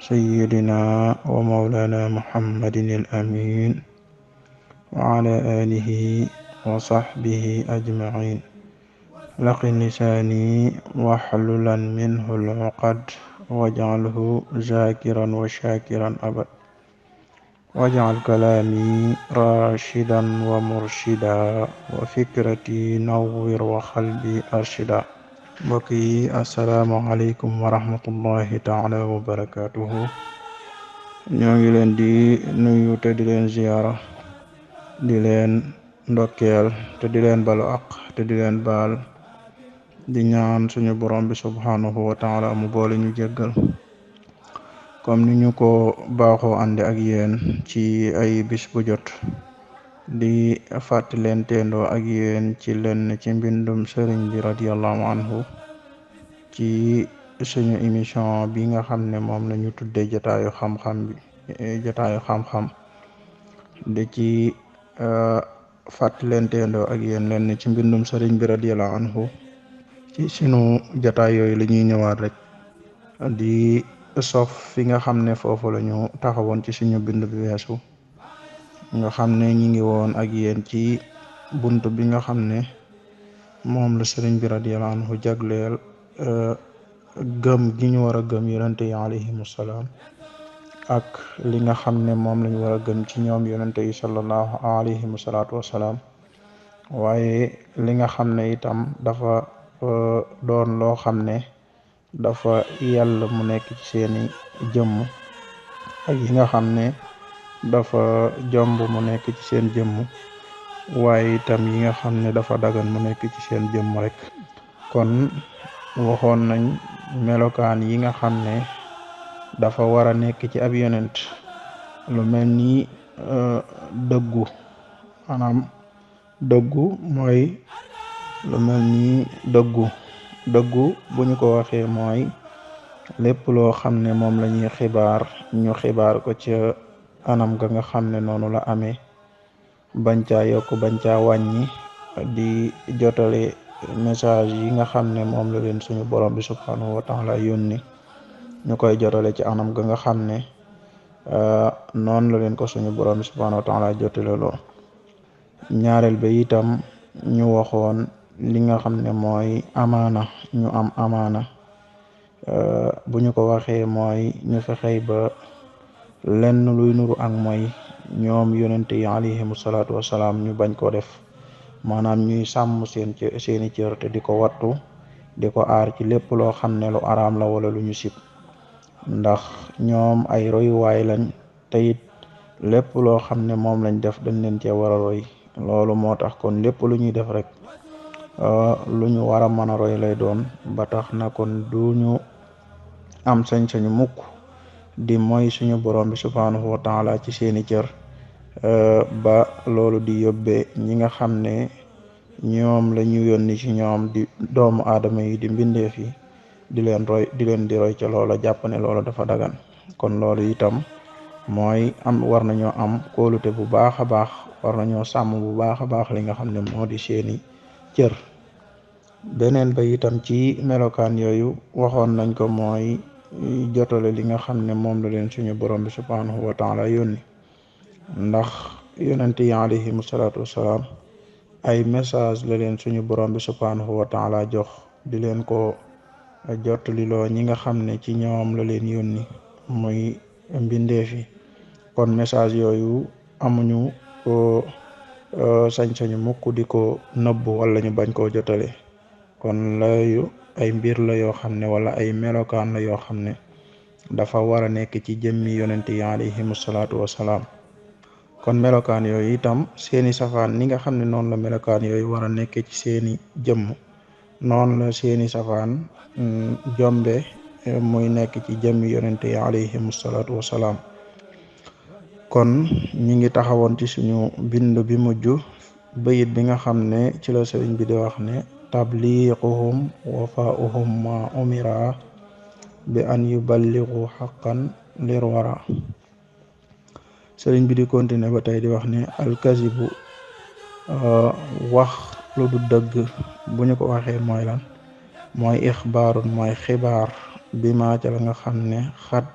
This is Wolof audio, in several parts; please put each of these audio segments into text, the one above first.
سيدنا ومولانا محمد الأمين وعلى آله وصحبه أجمعين لق لساني وحللا منه العقد واجعله ذاكرا وشاكرا أبد واجعل كلامي راشدا ومرشدا وفكرتي نور وقلبي أرشدا mbokk yi asalaamaaleykum wa rahmatullahi taala wa barakaatuhu ñoo ngi leen di nuyu te di leen ziyaara di leen ndokkeel te di leen balu aq te di leen baal di ñaan suñu borom bi subhaanahu wa taala mu boole ñu jéggal comme ni ñu ko baaxoo ànd ak yéen ci ay bis jot di fàttalenteendoo ak yéen ci lenn ci mbindum sëriñ bi radiallahu anhu ci suñu émission bi nga xam ne moom lañu ñu tudde jataayu xam-xam bi jataayu xam-xam di ci euh, fàttalenteendoo ak yéen lenn ci mbindum sëriñ bi radiallahu anhu ci suñu jataay yooyu la ñëwaat rek di sof fi nga xam ne foofu lañu taxawoon ci suñu bind bi weesu nga xam ne ñi ngi woon ak yéen ci bunt bi nga xam ne moom la sëriñ bi radiyallahu anhu jagleel euh, gëm gi ñu war a gëm yonente yi alayhimu ak li nga xam ne moom lañu war a gëm ci ñoom yonente yi sallallahu alayhi wasalaatu wasalaam waaye li nga xam ne itam dafa euh, doon loo xam ne dafa yàlla mu nekk ci seeni jëmm ak yi nga xam ne dafa jomb mu nekk ci seen jëmm waaye itam yi nga xam ne dafa dagan mu nekk ci seen jëmm rek kon waxoon nañ melokaan yi nga xam ne dafa war a nekk ci ab yonent lu mel ni euh, dëggu maanaam dëggu mooy lu mel ni dëggu dëggu buñu ko waxee mooy lépp loo xam ne moom la ñuy xibaar ñu xibaar ko ca anam ga nga xam ne noonu la amee bañ caa yokk bañ caa wàññi di jotale message yi nga xam ne moom la leen suñu borom bi subhanahu wa taala yónni ñu koy jotale ci anam ga nga xam ne euh, noonu la leen ko suñu borom bi subhanahu wa taala jotale loo ñaareel ba itam ñu waxoon li nga xam ne mooy amaana ñu am amaana euh, bu ñu ko waxee mooy ñu fexey ba lenn luy nuru ak mooy ñoom yonente yi alayhimu salaatu ñu bañ koo def maanaam ñuy sàmm seen seeni cër di ko wattu di ko aar ci lépp loo xam ne lu araam la wala lu ñu sib ndax ñoom ay royuwaay lañ te it lépp loo xam ne moom lañ def dañ leen cee war a roy loolu moo tax kon lépp lu ñuy def rek euh, lu ñu war a mën a roy lay doon ba tax na kon du ñu am sañ-sañu mukk di mooy suñu borom bi subhanahu wa taala ci seeni cër euh, ba loolu di yóbbee ñi nga xam ne ñoom la ñu yónni ci ñoom di doomu aadama yi di mbindeef yi di leen roy di leen di roy ca loolo jàpp ne loolu dafa dagan kon loolu itam mooy am war nañoo am kóolute bu baax a baax war nañoo sàmm bu baax a baax li nga xam ne moo di seeni cër beneen ba itam ci melokaan yooyu waxoon nañ ko mooy jotale li nga xam ne moom la leen suñu borom bi subhanahu wa taala yónni ndax yonente yi alayhim salaatu ay message la leen suñu borom bi subhanahu wa taala jox di leen ko jottali loo ñi nga xam ne ci ñoom la leen yónni muy mbindeef yi kon message yooyu amuñu ko euh, sañ-sañu ko nëbb wala ñu bañ koo jotale kon layu ay mbir la yoo xam ne wala ay melokaan la yoo xam ne dafa war a nekk ci jëmmi yonente yi alayhimu salaatu wasalaam kon melokaan yooyu itam seeni safaan ni nga xam ne noonu la melokaan yooyu war a nekk ci seeni jëmm noonu la seeni safaan mm, jombe eh, muy nekk ci jëmmi yonente yi alayhimu salaatu wasalaam kon ñi ngi taxawoon ci suñu bind bi mujj bayit bi nga xam ne ci la sëriñ bi di ne tabliquhum wafaauhum ma umira bi an yuballigu xaqan lir wara sëriñ bi di continuer ba tey di wax ne alkazibu euh, wax lu dëgg bu ñu ko waxee mooy lan mooy xibaar bi ma ca la nga xam ne xat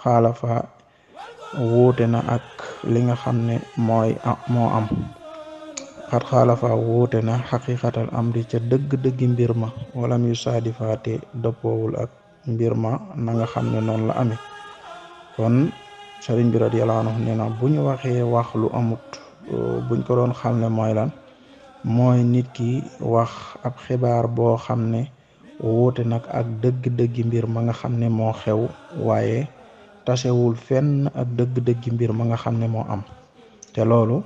xaalafa wuute na ak li nga xam ne am xat xaalafa wuute na xaqiqatal amri ca dëgg-dëggi mbir ma walam yu saadifaate dëppoowul ak mbir ma na nga xam ne noonu la amee kon sëriñ bi radiyallahu anhu nee na bu ñu waxee wax lu amut euh, buñ ko doon xam ne mooy lan mooy nit ki wax ab xibaar boo xam ne wuute nag ak dëgg-dëggi mbir ma nga xam ne moo xew waaye tasewul fenn ak dëgg-dëggi mbir ma nga xam ne moo am te loolu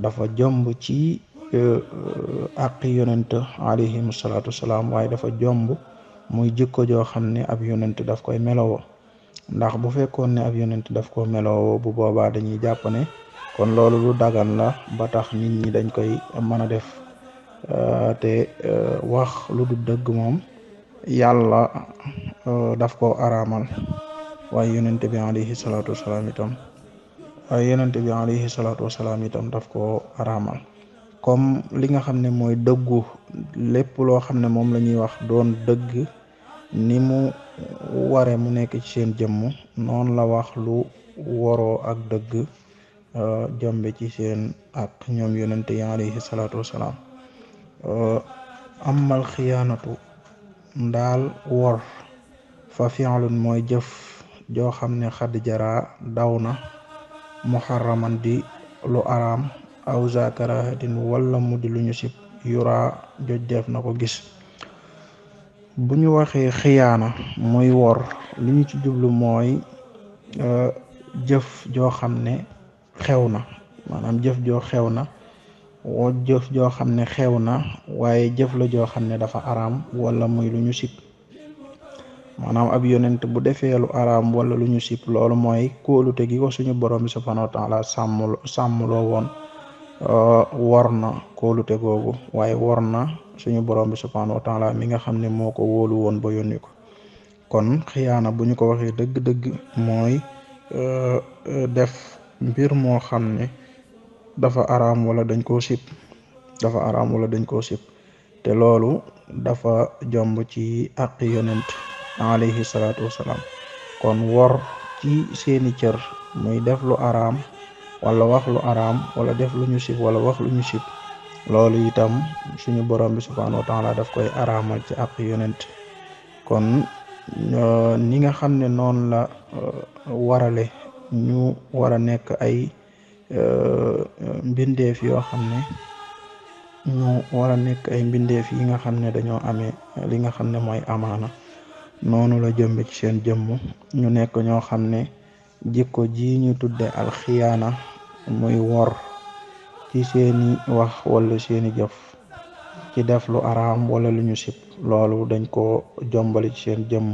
dafa jomb ci euh, euh, àq yonent alayhim salaatu salaam waaye dafa jomb muy jikko joo xam ne ab yonent daf koy melowoo ndax bu fekkoon ne ab yonent daf ko melowoo bu boobaa dañuy jàpp ne kon loolu lu dagan la ba tax nit ñi dañ koy mën a def euh, te wax lu du dëgg moom yàlla daf ko araamal waaye yonent bi alayhi salaatu salaam itam waaye yonent bi alayhi salaatu wasalaam itam daf koo araamal comme li nga xam ne mooy dëggu lépp loo xam ne moom lañuy wax doon dëgg ni mu ware mu nekk ci seen jëmm noonu la wax lu waroo ak dëgg euh, jëmbe ci seen ak ñoom yonent yi alayhi salaatu wasalaam euh, amal xiyaanatu daal wor fa fi'lun mooy jëf joo xam ne xad jaraa daw na muharraman di lu araam aw zakarahatin walla mu di lu ñu sib yura joj def na ko gis bu ñu waxee xiyaana muy wor li ñu ci jublu mooy euh, jëf joo xam ne xew na maanaam jëf joo xew na woo jëf joo xam ne xew na waaye jëf la joo xam ne dafa araam walla muy lu ñu sib maanaam ab yonent bu defee lu araam wala lu ñu sip loolu mooy kóolute gi ko suñu borom bi subhanahu wa taala sàmm woon uh, wor na kóolute googu waaye wor na suñu borom bi subhanahu wa taala nga xam ne moo ko wóolu woon ba yónni ko kon xiyaana buñu ko waxee dëgg-dëgg mooy uh, def mbir moo xam ne dafa araam wala dañ koo sip dafa araam wala dañ koo sip te loolu dafa jomb ci àq yonent alayhi salaatu wasalaam kon wor ci seeni cër muy def lu araam wala wax lu araam wala def lu ñu sib wala wax lu ñu sib loolu itam suñu borom bi subhaanahu wa laa def koy araamal ci ak yonent kon ni nga xam ne noonu la euh, warale ñu war a nekk ay euh, mbindeef yoo xam ne ñu war nekk ay mbindeef yi nga xam ne dañoo ame li nga xam ne mooy amaana noonu la jëmbe ci seen jëmm ñu nekk ñoo xam ne jikko ji ñu tudde alxiyaana muy wor ci seeni wax wala seeni jëf ci def lu araam wala lu ñu sib loolu dañ ko jombali ci seen jëmm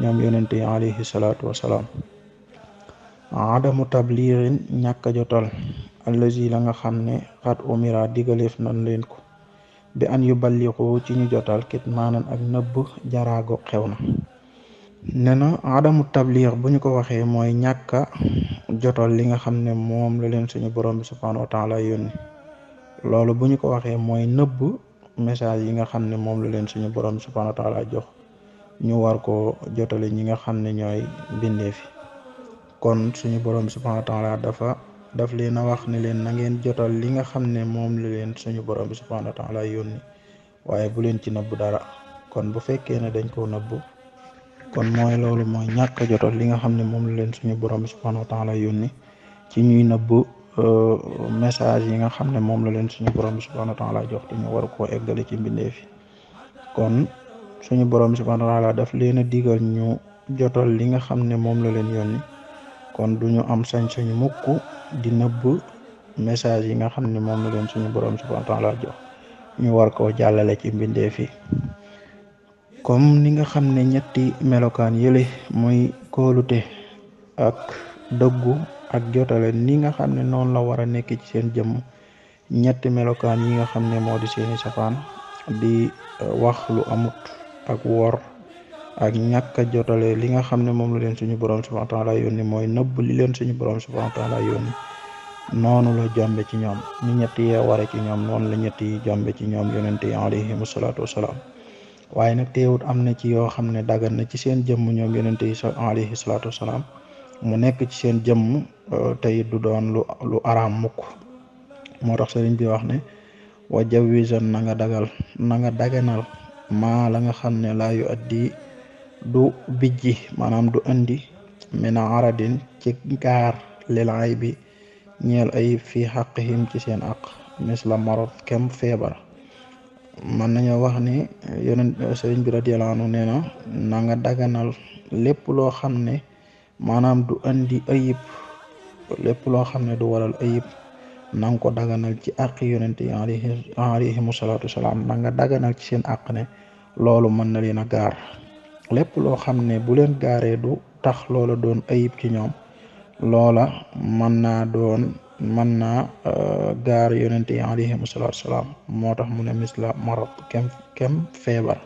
ñoom yonente yi alayhi salaatu wasalaam adamu tablirin ñàkk a jotal allazi la nga xam ne xat umira digaleef nan leen ko bi an yu balliqu ci ñu jotal kit maanaam ak nëbb jaraago xew na ne na adamu tabliix bu ñu ko waxee mooy ñàkka jotal li nga xam ne moom la leen suñu borom bi subhaanahu wa taala loolu bu ñu ko waxee mooy nëbb message yi nga xam ne moom la leen suñu borom bi subhaanahu wa taala jox ñu war ko jotale ñi nga xam ne ñooy bindee fi kon suñu borom bi subhaanahu wa dafa daf leen a wax ne leen na ngeen jotal li nga xam ne moom la leen suñu borom bi subhanahu wa taala yónni waaye bu leen ci nëbb dara kon bu fekkee ne dañ ko nëbb kon mooy loolu mooy ñàkk a jotal li nga xam ne moom la leen suñu borom bi subhanahu wa taala yónni ci ñuy nëbb euh, message yi nga xam ne moom la leen suñu borom bi subhanahu wa taala jox te ñu koo eggale ci mbindeef yi kon suñu borom bi subhanahu wa taala daf leen a digal ñu jotal li nga xam ne moom la leen yónni kon duñu am sañ-sañu mukk di nëbb message yi nga xam ne moom la leen suñu borom subhanahu wa la jox ñu war koo jàllale ci mbindeef yi comme ni nga xam ne ñetti melokaan yële mooy kóolute ak dëggu ak jotale ni nga xam ne noonu la war a nekk ci seen jëm ñetti melokaan yi nga xam ne moo di seeni safaan di euh, wax lu amut ak wor ak ñàkk a li nga xam ne moom lu leen suñu borom subhanahu wa taala yónni mooy nëbb li leen suñu borom subhanahu wa taala yónni noonu la jombe ci ñoom ni ñett yee ware ci ñoom noonu la ñetti yi ci ñoom yonente yi alayhim salaatu wasalaam waaye nag teewut am na ci yoo xam ne dagan na ci seen jëmm ñoom yonente yi alayhi salaatu wasalaam mu nekk ci seen jëm euh, tey du doon lu lu araam mukk moo tax sëriñ bi wax ne wa jawwisan nanga nga dagal na daganal maa la nga xam ne laa yu addi du bijji maanaam du andi min aradin ci gaar lil bi ñeel ayib fii xaqihim ci seen aq misla marot kem feebar mën nañoo wax ni yonent sëriñ bi nee na na daganal lépp loo xam ne maanaam du andi ayib lépp loo xam ne du waral ayib na nga ko daganal ci àq yonent yi alayhi alayhimu salaatu nga daganal ci seen àq ne loolu mën na leen a gaar lépp loo xam ne bu leen gaaree du tax loola doon ayib ci ñoom loola mën naa doon mën naa euh, gaar yonente yi alayhimu salaam moo tax mu ne misla marad kem kem feebar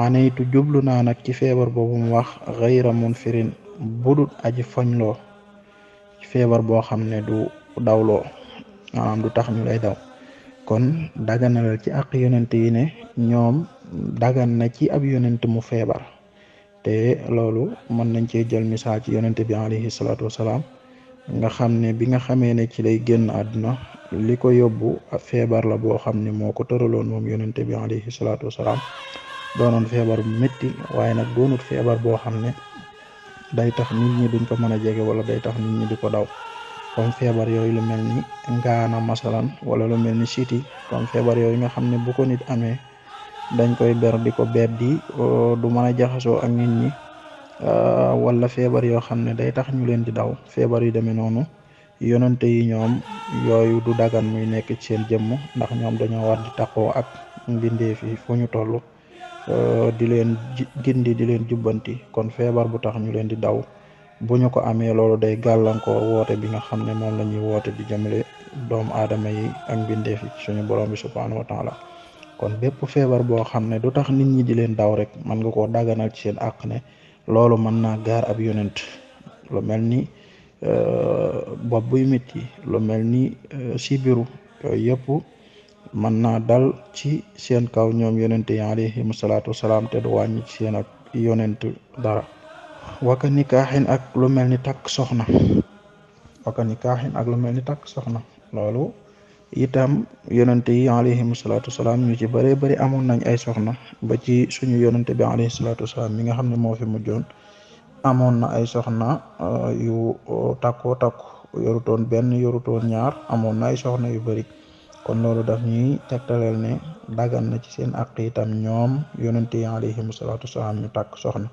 anaytu jublu naa nag ci feebar boobu mu wax xayra munfirin budut aji foñloo feebar boo xam ne du dawloo maanaam du tax ñu lay daw kon daganalal ci àq yonente yi ne ñoom dagan na ci ab yonent mu feebar te loolu mën nañ cee jël misaal ci yonent bi alayhi salaatu wasalaam nga xam ne bi nga xamee ne ci lay génn àdduna li ko yóbbu feebar la boo xam ne moo ko tëraloon moom yonent bi alayhi salaatu wasalaam doonoon feebar bu métti waaye nag doonut feebar boo xam ne day tax nit ñi duñ ko mën a jege wala day tax nit ñi ko daw comme feebar yooyu lu mel ni ngaana masalan wala lu mel ni siti comme feebar yooyu nga xam ne bu ko nit amee dañ koy ber di ko beddi du mën a jaxasoo ak nit ñi wala feebar yoo xam ne day tax ñu leen di daw feebar yi demee noonu yonente yi ñoom yooyu du dagan muy nekk ci seen jëmm ndax ñoom dañoo war di taqoo ak mbindeef yi fu ñu toll di leen gindi di leen jubbanti kon feebar bu tax ñu leen di daw bu ñu ko amee loolu day gàllankoor woote bi nga xam ne moom la ñuy woote di jëmale doomu aadama yi ak mbindeef yi suñu borom bi subhanahu wa kon bépp feebar boo xam ne du tax nit ñi di leen daw rek mën nga koo daganal ci seen àq ne loolu mën naa gaar ab yonent lu mel ni euh, bopp buy métti lu mel ni euh, sibiru yooyu yëpp mën naa dal ci seen kaw ñoom yonent yi alayhim salaatu wasalaam te du wa ci seen ak yonent dara waka nikaaxin ak lu mel ni takk soxna waka ak lu mel ni takk soxna loolu itam yonente yi alayhim salaatu wasalaam ñu ci bëree bëri amoon nañ ay soxna ba ci suñu yonente bi alayhi salaatu wasalaam mi nga xam ne moo fi mujjoon amoon na ay soxna uh, yu uh, takkoo takku yorutoon benn yorutoon ñaar amoon na ay soxna yu bëri kon loolu daf ñuy tegtaleel ne dagan na ci seen àq itam ñoom yonente yi alayhim salaatu wasalaam ñu takk soxna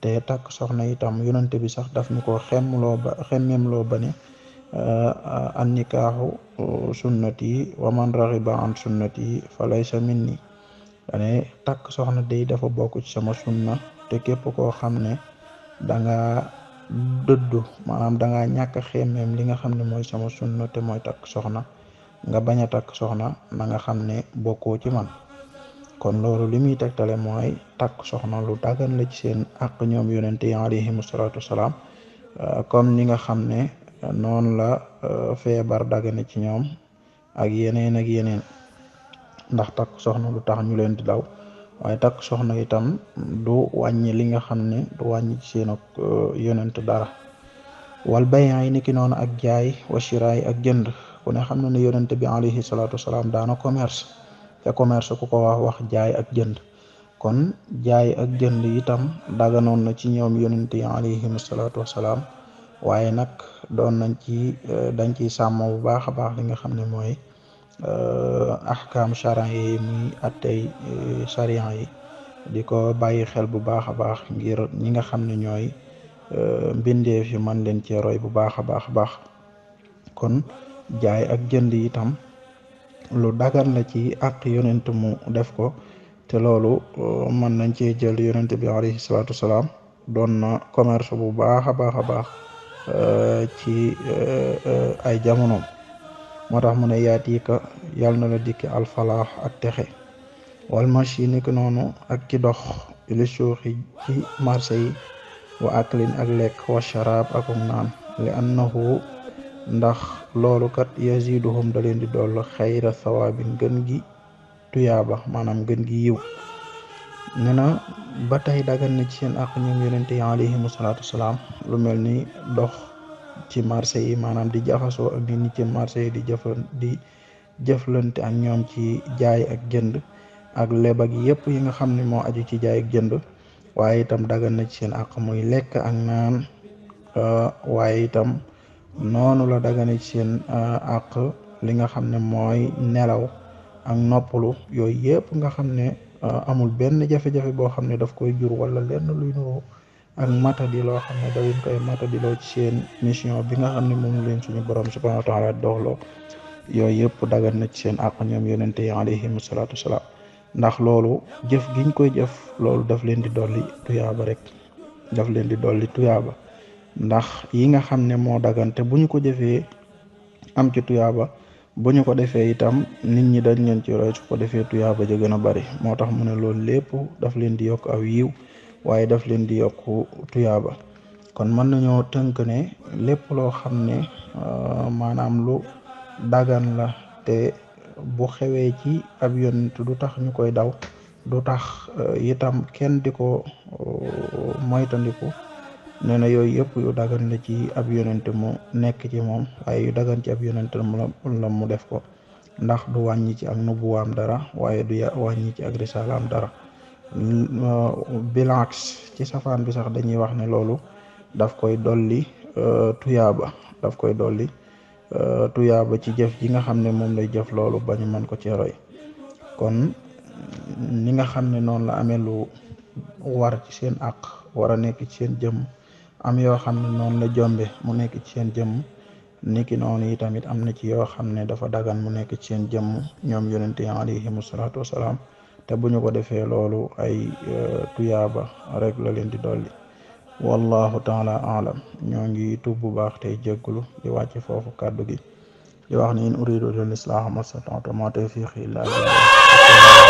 te takk soxna itam yonente bi sax daf ñu ko xemmloo ba xemmemloo ba ne an nikaaxu sunnati wa man raxiba an sunnati falaysa minni dane takk soxna day dafa bokk ci sama sunna te képp koo xam ne danga dëddu maanaam danga ñàkk xemmeem li nga xam ne mooy sama sunna te mooy takk soxna nga bañ a takk soxna na nga xam ne bokkoo ci man kon loolu li muy tegtale mooy takk soxna lu daggan la ci seen ak ñoom yonente yi alayhimu salaatu wasalaam comme ni nga xam ne noonu la euh, feebar dagane ci ñoom ak yeneen ak yeneen ndax takk soxna lu tax ñu leen di daw waaye takk soxna itam du wàññi li nga xam ne du wàññi ci seen ak euh, yonent dara wal bayan ni ki noonu ak jaay wa ak jënd ku ne xam na ne yonent bi alayhi salaatu wasalaam daana commerce te commerce ko wax wax jaay ak jënd kon jaay ak jënd itam daganoon na ci ñoom yonent yi alayhim salaatu wasalaam waaye nag doon nañ ci euh, dañ ciy sàmm bu baax a baax li nga xam ne mooy euh, ahkaam charan yi muy attey euh, yi di ko bàyyi xel bu baax a baax ngir ñi nga xam ne ñooy mbindeef yi mën leen cee roy bu baax a baax a baax kon jaay ak jënd yitam lu dagan la ci àq yonent mu def ko te loolu mën nañ cee jël yonent bi alayhi salaatu wasalaam doon na commerce bu baax a baax a baax ci eh, eh, ay jamono moo tax mu ne yaati ka yàlla na la dikki alfalaax ak texe wal machi ni ki noonu ak ki dox li suuxi ci marché yi wa aklin ak lekk wa sharaab akum naan li annahu ndax loolu kat yaziduhum da leen di doll xayra sawaabin gi tuyaaba maanaam gën gi yiw nee ba tey dagan na ci seen àq ñoom yonente alayhimu salaatu wasalaam lu mel ni dox ci marché yi maanaam di jafaso a nit ñi ci marché yi di jëfa di jëflante ak ñoom ci jaay ak jënd ak leb ak yépp yi nga xam ne moo aju ci jaay ak jënd waaye itam dagan na ci seen ak muy lekk ak naan euh, waaye itam noonu la dagana ci seen euh, àq li nga xam ne mooy nelaw ak noppalu yooyu yépp nga xam ne Euh, amul benn jafe-jafe boo xam ne daf koy jur wala lenn luy nuru ak matadi loo xam ne dañ koy matadi loo ci seen mission bi nga xam ne moom leen suñu borom subhanahu wa taala doxloo yooyu yëpp dagan na ci seen àq ñoom yonente yi alayhim salaatu wasalaam ndax loolu jëf giñ koy jëf loolu daf leen di dolli tuyaaba rek daf leen di dolli tuyaaba ndax yi nga xam ne moo dagante bu ñu ko jëfee am ci tuyaaba bu ñu ko defee itam nit ñi dañ leen ci ko defee tuyaaba ja gën a bari moo tax mu ne loolu lépp daf leen di yokk aw yiw waaye daf leen di yokk tuyaaba kon mën nañoo tënk ne lépp loo xam ne euh, maanaam lu dagan la te bu xewee ci ab yonent du tax ñu koy daw du tax euh, itam kenn di ko euh, moytandiku nee na yooyu yëpp yu dagan la ci ab yonente mu nekk ci moom waaye yu dagan ci ab yonente la mu def ko ndax du wàññi ci ak nubuwaam dara waaye du wàññi ci ak risalaam dara bilax ci safaan bi sax dañuy wax ne loolu daf koy dolli e, tuyaaba daf koy dolli e, tuyaaba ci jëf ji nga xam ne moom lay jëf loolu ba ñu mën ko ci kon ni nga xam ne noonu la amee lu war ci seen àq war a nekk ci seen jëm am yoo xam ne noonu la jombe mu nekk ci seen jëmm niki noonu yi tamit am na ci yoo xam ne dafa dagan mu nekk ci seen jëmm ñoom yonente yi alayhimu salaatu wasalaam te bu ñu ko defee loolu ay euh, tuyaaba rek la leen di dolli wallahu taala alam ñoo ngi tub bu baax tey jégglu di wàcc foofu kàddu gi wax ni in uridu al islaaha mastata'tu ma tawfiqi illa billah